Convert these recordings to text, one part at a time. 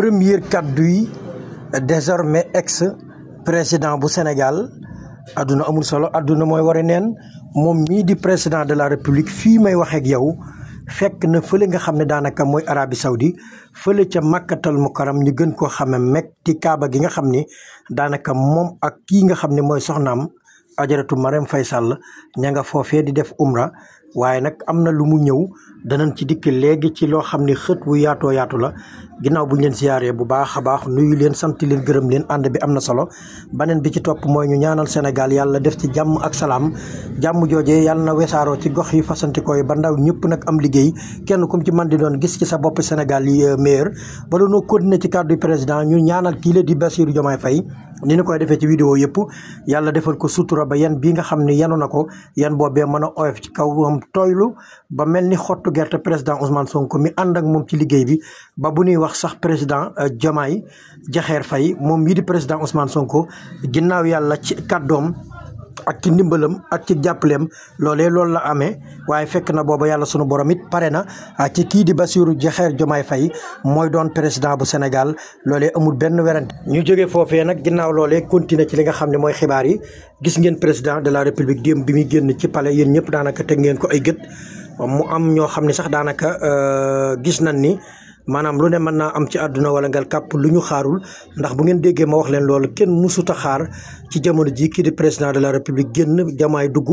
première kaddu yi désormais ex président bu Sénégal adduna amul solo adduna mooy war a neen moom mii di président de la république fii may waxeeg ak yow fekk na fële nga xam ne daanaka mooy Arabie Saoudi fële ca màkkatal mukaram ñu gën koo xame Mekk ci kaaba gi nga xam ni daanaka moom ak kii nga xam ne mooy soxnaam ajaratu Marème Faye Sall ña nga foofee di def umra waaye nag am na lu mu ñëw danañ ci dikk léegi ci loo xam ni xët wu yaatoo yaatu la ginnaaw bu ñu leen siyaaree bu baax a baax nuyu leen sant leen gërëm leen ànd bi am na solo baneen bi ci topp mooy ñu ñaanal Sénégal yàlla def ci jàmm ak salaam jàmm jooje yàlla na wesaaroo ci gox yi fasantikoo yi ba ndaw ñëpp nag am liggéey kenn kum ci man di doon gis ci sa bopp Sénégal yi euh, ba meilleur bala noo continuer ci kàddu président ñu ñaanal kii la di Bassirou Diomaye fay ni ñu koy defee ci vidéo yëpp yàlla defal ko sutura ba yan bii nga xam ne yanu na ko yan boobee mën a oyof ci kawam tooylu ba mel ni xottu gerte président Ousmane Sonko mi ànd ak ci liggéey bi sax président euh, Diomaye Diakhar fay moom mii di président Ousmane Sonko ginnaaw yàlla ci kàddoom ak ci ndimbalam ak ci jàppaleem loole loolu la amee waaye fekk na booba yàlla sunu borom it pare na ah, ci kii di Bassirou Diakhar Diomaye fay mooy doon président bu Sénégal loolee amul benn werante ñu jógee foofee nag ginnaaw loolee continuer ci li nga xam ne mooy xibaar yi gis ngeen président de la république démb bi muy génn ci pale yéen ñëpp daanaka te ngeen ko ay gët mu am ñoo xam ne sax daanaka euh, gis nañ ni maanaam lu ne mën naa am ci àdduna wala ngal kàpp lu ñu xaarul ndax bu ngeen déggee ma wax leen loolu kenn musuta xaar ci jamono ji kii di président de la république génn jamaay dugg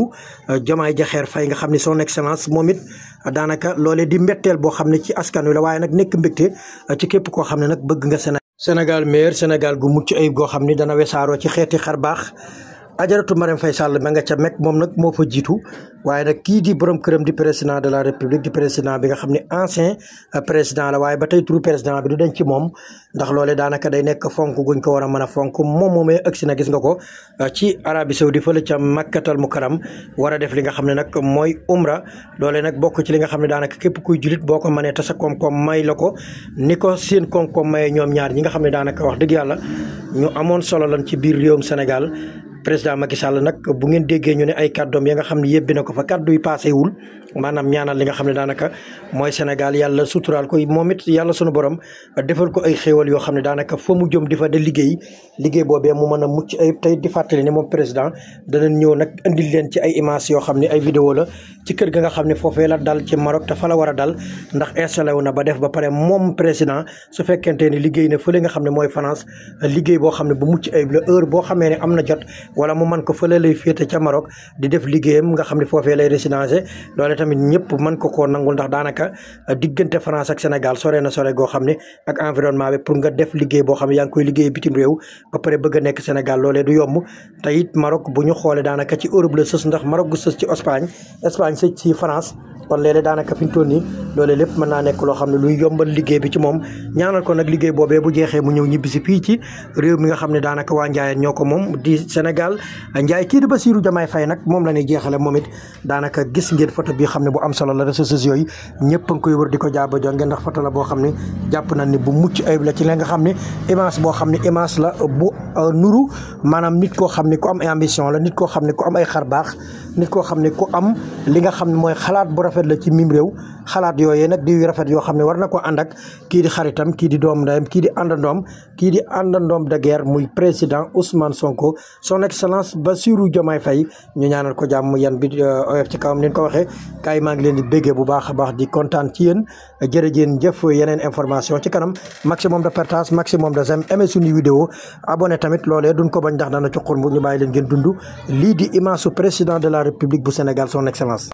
jamaay jaxeer fay nga xam ne son excellence moom it euh, daanaka loolee di mbetteel boo xam ne ci askan wi la waaye nag nekk mbégte euh, ci képp koo xam ne nag bëgg nga Sénégal meilleur Sénégal gu mucc ayib goo xam ni dana wesaaroo ci xeeti baax ajaratu Marème Faye Sall ma nga ca meg moom nag moo fa jiitu waaye nag kii di borom këram di président de la république di président bi nga xam ne ancien président la waaye ba tey turu président bi du den ci moom ndax loole daanaka day nekk fonk guñ ko war a mën a fonk moom moom moomee ëgsi na gis nga ko uh, ci Arabie Saoudi fële ca Makkatal Mukarram war def li nga xam ne nag mooy umra loole nag bokk ci li nga xam ne daanaka képp kuy julit boo ko mënee tasa koom-koom may la ko ni ko seen koom-koom mayee ñoom ñaar ñi nga xam ne daanaka wax dëgg yàlla ñu amoon solo lan ci biir réewum Sénégal président Macky Sall nag bu ngeen déggee ñu ne ay kàddoom ya nga xam ne yëbbi ko fa kàddu yi paase wul maanaam ñaanal li nga xam ne daanaka mooy Sénégal yàlla suturaal ko moom it yàlla sunu borom defal ko ay xéewal yoo xam ne daanaka foo mu jëm di fa de liggéey liggéey boobee mu mën a mucc ayib tey di fàttali ne moom président danañ ñëw nag indil leen ci ay images yoo xam ne ay vidéo la ci kër ga nga xam ne foofee la dal ci Maroc te fa a dal ndax installé wu na ba def ba pare moom président su fekkente ni liggéey na fële nga xam ne mooy France liggéey boo xam ne bu mucc ayib la heure boo xamee ne am na jot wala mu man ko fële lay féete ca Maroc di def liggéeyam nga xam ne foofee lay résidencé loole tamit ñëpp mën ko koo nangul ndax daanaka diggante France ak Sénégal sore na sore goo xam ne ak environnement bi pour nga def liggéey boo xam ne yaa ngi koy liggéey bitim réew ba pare bëgg nekk Sénégal loolee yomb te it bu ñu xoolee daanaka ci Europe la sës ndax Maroc sës ci Espagne sëj ci France kon léeg daanaka fi ñu toll nii loolu lépp mën naa nekk loo xam ne luy yombal liggéey bi ci moom ñaanal ko nag liggéey boobee bu jeexee mu ñëw ñibbisi fii ci réew mi nga xam ne daanaka waa ñoo ko moom di Sénégal Njaay kii di Bassirou Diomaye Faye nag moom la ñuy jeexale moom it daanaka gis ngeen photo bi xam ne bu am solo la réseaux sociaux yi ñëpp koy wër di ko jaaba joon ngeen ndax photo boo xam ne jàpp na ne bu mucc ayib la ci la nga xam ne image boo xam ne image la bu euh, nuru maanaam nit koo xam ne ko am ambition la nit koo xam ne ko am ay xar baax nit koo xam ne ku am li nga xam ne mooy xalaat bu rafet la ci mim réew xalaat yooyee nag di rafet yoo xam ne war na ko ànd ak kii di xaritam kii di doom ndeyam kii di àndandoom kii di àndandoom de guerre muy président Ousmane Sonko son excellence Bassirou Diomaye Faye ñu ñaanal ko jàmm yan bi euh, oyof ci kawam ni ko waxee gars yi maa ngi leen di béggee bu baax a baax di kontaan ci yéen jërëjéen jëf yeneen information ci kanam maximum de partage maximum de j'aime aimé suñu vidéo abonné tamit loolee duñ ko bañ ndax dana ci xurmbu ñu bàyyi leen ngeen dund lii di image président de république bu Sénégal son excellence